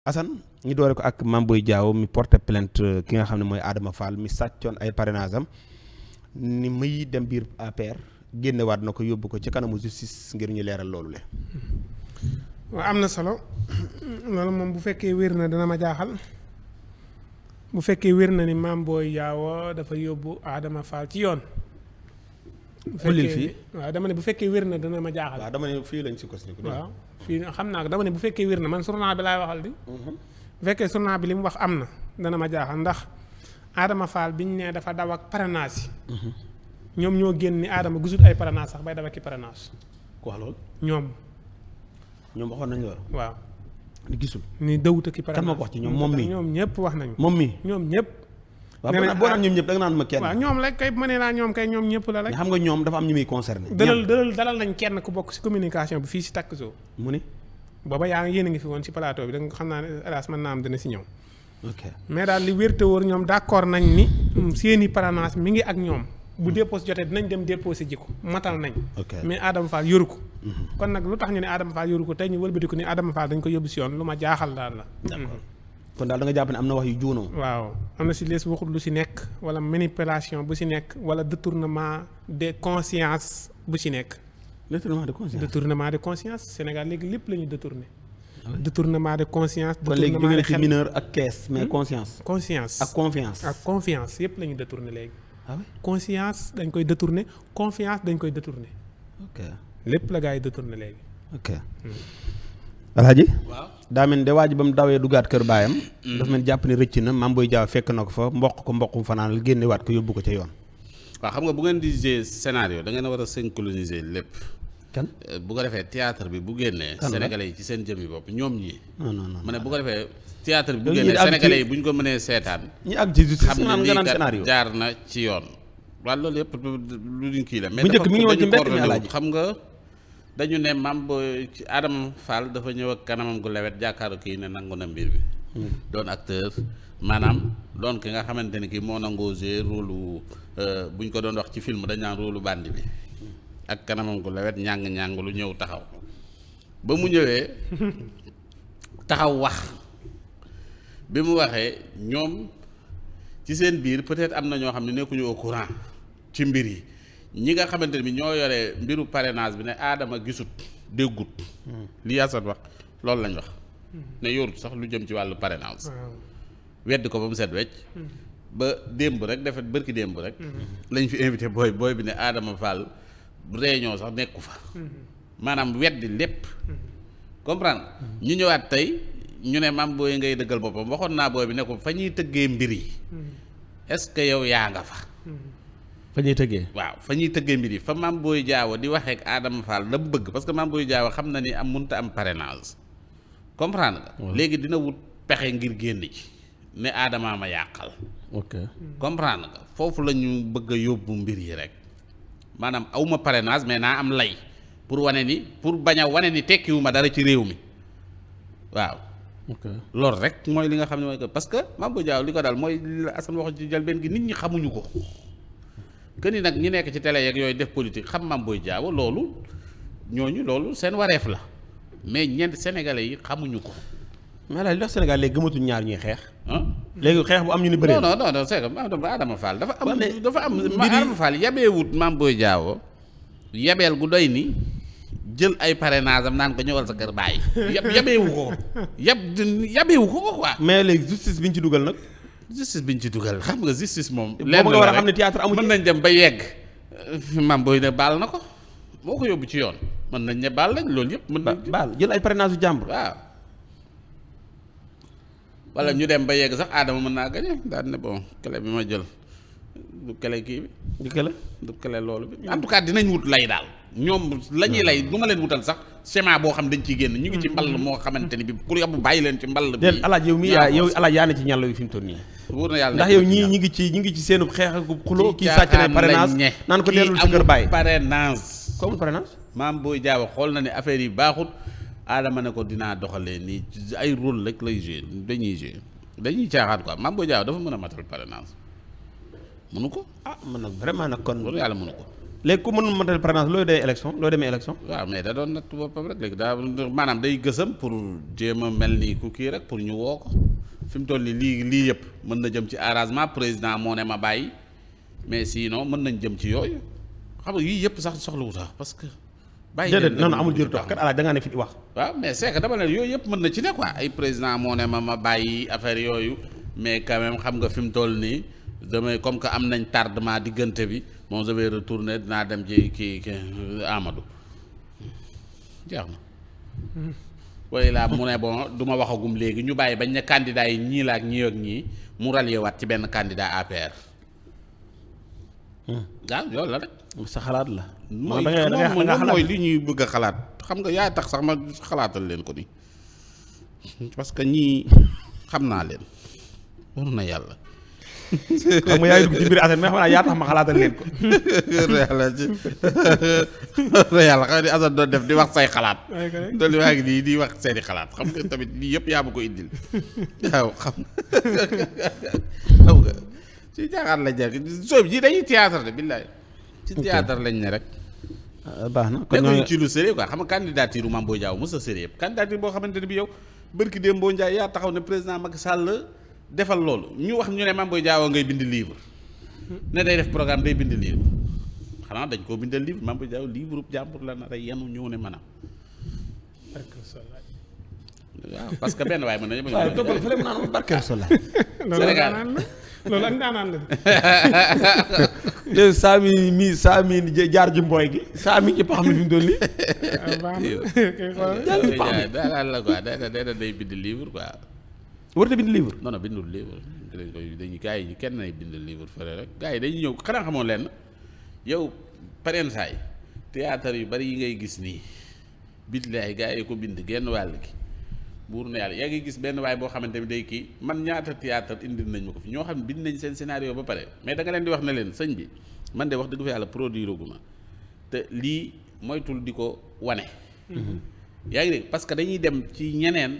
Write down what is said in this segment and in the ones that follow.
Assane ñu doore ko ak Mame Boye Diao mi porté plainte euh, ki nga xam ne mooy Adama Fall mi sàccoon ay parrainage ni muy dem biir APR génnewaat na ko yóbbu ko ci kanamu justice ngir ñu leeral loolu le waaw am na solo loolu moom bu fekkee wér na dana ma jaaxal bu fekkee wér na ni Mame Boye Diao dafa yóbbu aadama Fall ci yoon xullil fii waaw dama ne bu fekkee wér na dana ma jaaxal. waaw dama ne lañ si ko si. waaw fii xam naa ko dama bu fekkee wér na man journal bi laay waxal di. Mhm. bu fekkee journal bi li mu wax am na dana ma jaaxal ndax Adama bi ñu ne dafa daw ak parrainage yi. Mhm. ñoom ñoo génn ni Adama gisul ay parrainage sax bay daw ak i parrainage. ku wax loolu. ñoom. ñoom waxoon nañu loolu. waaw. ni gisul. ni dawut ak i parrainage. kan wax ci ñoom moom mii ñoom ñëpp wax nañu. moom mii ñoom ñëpp. waaw boo naan ah, ñoom ñëpp da nga naan ma kenn waaw ñoom la kay mënee naa ñoom kay ñoom ñëpp la rek xam nga ñoom dafa am ñu muy concerné dalal dalal dalal nañ kenn ku bokk si communication bi fii si takk zoo mu ni booba yaa ngi yéen a ngi fi woon si plateau bi da xam naa ne hélas mën naa am dina si ñëw mais daal li wér ñoom d'accord nañ ni mm, seeni parrainage mi ngi ak ñoom bu mm-hmm. déposé jotee dinañ dem déposé ji ko matal nañ. mais Adama Fall yoru ko. Mm-hmm. kon nag lu tax ñu ne Adama Fall yoru ko tey ñu wëlbati ko ni Adama Fall dañ ko yóbbu si yoon lu ma jaaxal daal la. d'accord mm-hmm. kon daal danga jàpp ne am na wax yu juunoo waaw am na si lees waxut lu si nekk wala manipulation bu si nekk wala détournement de conscience bu si nekk. détournement de conscience détournement de conscience Sénégal léegi lépp la ñu détourné. détournement de conscience. détournement de xel kon léegi ak kees mais hmm? conscience. conscience ak confiance. ak confiance yëpp la ñu léegi. ah oui conscience dañ koy détourné confience dañ koy détourné. lépp la gars yi détourné léegi. ok. Hmm. alhaji daa mel de waa ji ba mu dawee duggaat kër baayam dafa mel jàpp ne rëcc na maam booy jaaw fekk na ko fa mboq ko mboqum fanaanal génne waat ko yóbbu ko ca yoon waaw xam nga bu ngeen di jee scénario da ngeen a war a lépp kan bu ko defee théâtre bi bu génnee sénégalais yi ci seen jëmmi bopp ñoom ñi non ma ne bu ko defee théâtre bi bu génnee sénégalais yi bu ñu ko mënee seetaan ñi ak ji xam ne lii kat jaar na ci yoon waaw loolu yëpp lu duñ kii la mais bu njëkk mi ngi xam nga dañu ne mam bo ci Adama Fall dafa ñëw ak kanamam gu lawet jàkkaaru kii ne nangu na mbiir bi hmm. doon acteur maanaam doon ki nga xamante ni ki moo nangoo jouer rôle euh, bu ñu ko doon wax ci film dañ naan rôle bandi bi hmm. ak kanamam gu lawet ñàng-ñàng lu ñëw taxaw ba mu ñëwee taxaw wax bi mu waxee ñoom ci seen biir peut-être am na ñoo xam ne nekkuñu au ci mbir yi ñi nga xamante ne bi ñoo yore mbiru parrainage bi ne aadama gisut déggut li Yaasan wax loolu lañ wax ne yorut sax lu jëm ci wàllu parrainage wedd ko ba mu set wecc hmm. ba démb rek defet bërki démb rek hmm. lañ fi invité booy booy bi ne aadama Fall réunion sax nekku fa hmm. maanaam weddi lépp comprendre ñu ñëwaat tey ñu ne maam booy ngay dëggal boppam waxoon naa booy bi ne ko fa ñuy tëggee mbir yi est-ce que yow yaa nga fa fa ñuy tëggee waaw fa ñuy tëggee mbir yi fa maam booy jaawa di waxeek ak Adama Fall la mu bëgg parce que maam booy jaawa xam na ni am mënta am parrainage comprendre nga. léegi dina wut pexe ngir génn ci mais aadama ma yàqal. ok comprendre nga foofu la ñu bëgg a yóbbu mbir yi rek maanaam awma parrainage mais naa am lay pour wane ni pour bañ a wane ni tekkiwuma dara ci réew mi waaw. ok loolu rek mooy li nga xam ne mooy que parce que maam booy li ko daal mooy li la wax ci jël gi nit ñi xamuñu ko. que ni nag ñi nekk ci télé yeeg yooyu def politique xam maam booy jaaw loolu ñooñu loolu seen wareef la mais ñeent sénégalais yi xamuñu ko. mais la li tax Sénégal léegi gëmatuñ ñaar ñuy xeex. léegi xeex bu am ñu ni bëree. non non non c'est que Adama Fall dafa am. dafa am Adama Fall yabeewut maam booy jaaw yabeel gu doy ni jël ay parrainage am naan ko ñëwal sa kër bàyyi. yab yabeewu ko yab yabeewu ko quoi. mais léegi justice biñ ci dugal nag. justice bi ñu ci dugal xam nga justice moom. lenn nga war a xam ne théâtre amu mën nañ dem ba yegg. maam booy ne baal na ko moo ko yóbbu ci yoon mën nañ ne baal lañ loolu yëpp. mën nañ baal jël ay parrainage su jàmbur waaw. wala ñu dem ba yegg sax aadama mën naa gañe daal ne bon kele bi ma jël du kele kii bi. du kele du kele loolu bi en tout cas dinañ wut lay daal. ñoom la ñuy lay ah. du ma leen wutal sax schéma boo xam dañ ciy génn ñu ngi ci mball moo xamante ni bi ku yóbbu bàyyi leen ci mball bi alaaj yow mi yaa yow alaaj yaa ne ci ñàll yu fi mu toll na yàlla ndax yow ñii ngi ci ñi ngi ci seenub xeex ak xuloo kii sàcc na parrainage naan ko dellul sa kër bàyyi parrainage comme parrainage xool na ne affaire yi baaxut aadama ne ko dinaa doxalee nii ay rôle rek lay joué dañuy joué dañuy caaxaan quoi maam booy jaawa dafa man a matal parrainage mënu ko ah man nag vraiment nag kon yàlla mënu ko léegi ku mënul matal parrainage looy dee élection looy demee élection waaw mais da doon natt boppam rek léegi daa maanaam day gësam pour jéem a mel ni ku kii rek pour ñu woo ko fi mu toll nii lii lii yëpp mën na jëm ci arrangement président moo ne ma bàyyi mais sinon mën nañ jëm ci yooyu xam nga yii yëpp sax soxlawu sax parce que bàyyi déedéet non amul jëru toog kat alaaj da ne fi wax waaw mais c'est que ne yooyu yëpp mën na ci nekk quoi ay président moo ma ma bàyyi affaire yooyu mais quand même xam nga fi mu toll nii damay comme que am nañ tardement diggante bi bon je vais retourner dinaa dem ci kii kii euh, Amadou jeex na. mu ne bon du ma waxagum léegi ñu bàyyi bañ ne candidat yi ñii la ak ñii ak ñii mu rallié ci benn candidat APR. waaw hmm. loolu la rek. sa xalaat la. mooy mooy li ñuy bëgg xalaat xam nga yaa tax sax ma xalaatal leen ko nii parce que ñii xam naa leen war na yàlla. xam nga yaa tax ma xalaatal leen ko. yàlla ci xam ne Assane doon def di wax say xalaat. doon maa ngi di wax seeni xalaat xam nga tamit lii yëpp yaa bu ko indil waaw xam xam nga ci jaaxaar la jàng soo ji dañuy théâtre de billaay ci théâtre lañ ne rek. Ah, baax na kon ñooñu ci lu sérieux quoi xam nga candidature Mame Boye Diao mos a sérieux candidature boo xamante ne bi yow barki démb boo Ndiaye yaa taxaw ne président Macky Sall. defal loolu ñu wax ñu ne Mame Boye ngay bind livre ne day def programme day bind livre xanaa dañ koo bindal livre Mame Boye Diao jàmbur la nar a yenu ñëw ne maanaam. waaw que benn waay mën nañu. waaw toppal fële mu naan barkeel la. léegi saa mi mi saa mi jaar ji mbooy gi saa mi ci pax mi fi doon lii. jaar ji pax mi. daal la quoi day bind livre quoi. warut a bind livre. non non bindul livre dañ koy dañuy gars yi kenn nay bind livre fële rek gars yi dañuy ñëw xanaa xamoon leen yow pareen yu bari yi ngay gis nii billaay gars yi ko bind genn wàll gi buur na yaa ngi gis benn waay boo xamante ne day kii man ñaata théâtre indil nañ ma ko fi ñoo xam ne bind nañ seen scénario ba pare mais da leen di wax na leen sëñ bi man de wax dëgg fa yàlla produire gu ma te lii moytul di ko wane. Mhm. yaa ngi dégg parce que dañuy dem ci ñeneen.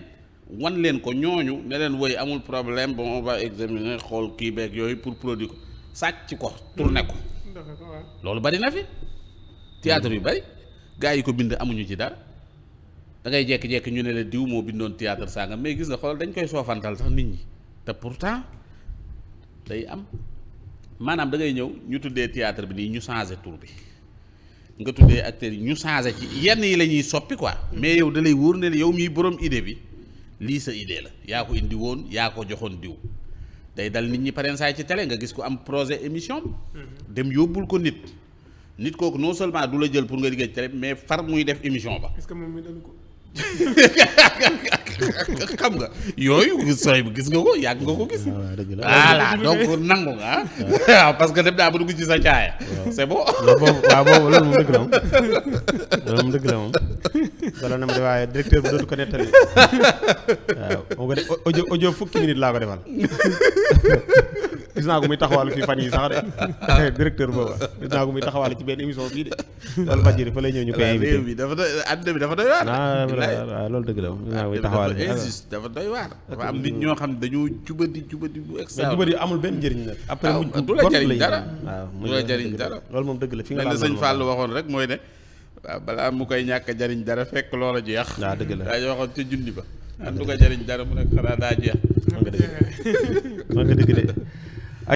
wan leen ko ñooñu ne leen woy amul problème bon on va examiner xool kii beeg yooyu pour produit ko sàcc ko tourné ko loolu bari na fi théâtre yu bari gars yi ko bind amuñu ci dara da ngay jekki-jekki ñu ne la diw moo bindoon théâtre sàngam mais gis nga xool dañ koy soofantal sax nit ñi te pourtant day am maanaam da ngay ñëw ñu tuddee théâtre bi nii ñu changé tour bi nga tuddee acteurs yi ñu changer ci yenn yi la ñuy soppi quoi mais yow dalay wóor ne yow miy borom idée bi lii sa idée la yaa ko indi woon yaa ko joxoon diw day dal nit ñi pareen saay ci télé nga gis ko am projet émission mhm. dem yóbbul ko nit nit kooku non seulement du la jël pour nga liggéey ci mais far muy def émission ba. xam nga yooyu sooy bu gis nga ko yàgg nga ko gis. Ah, voilà donc nangu nga ah. parce que dem ba dugg ci sa caaya. c'est waaw boobu la moom dëgg la moom. bala na ma de waaye directeur bi dootu ko nettali waaw audio audio fukki minute laa ko defal. gis naa ko muy taxawaalu fii fan yi sax de directeur booba gis muy taxawaalu ci benn émission bii de wala fajiri fa bi dafa doy àddina bi dafa doy waar waaw ah, loolu dëgg la gis naa ko muy am nit ñoo xam ne dañoo jubadi jubadi bu extra jubadi amul benn njëriñ nag après ah, mu ah, du la jëriñ dara loolu moom dëgg la fi nga la sëñ Fall waxoon rek mooy ne waaw balaa mu koy ñàkk jariñ dara fekk loola jeex waaw dëgg la daa waxoon ca junni ba am du ko jariñ dara mu nekk daa jeex man nga dëgg de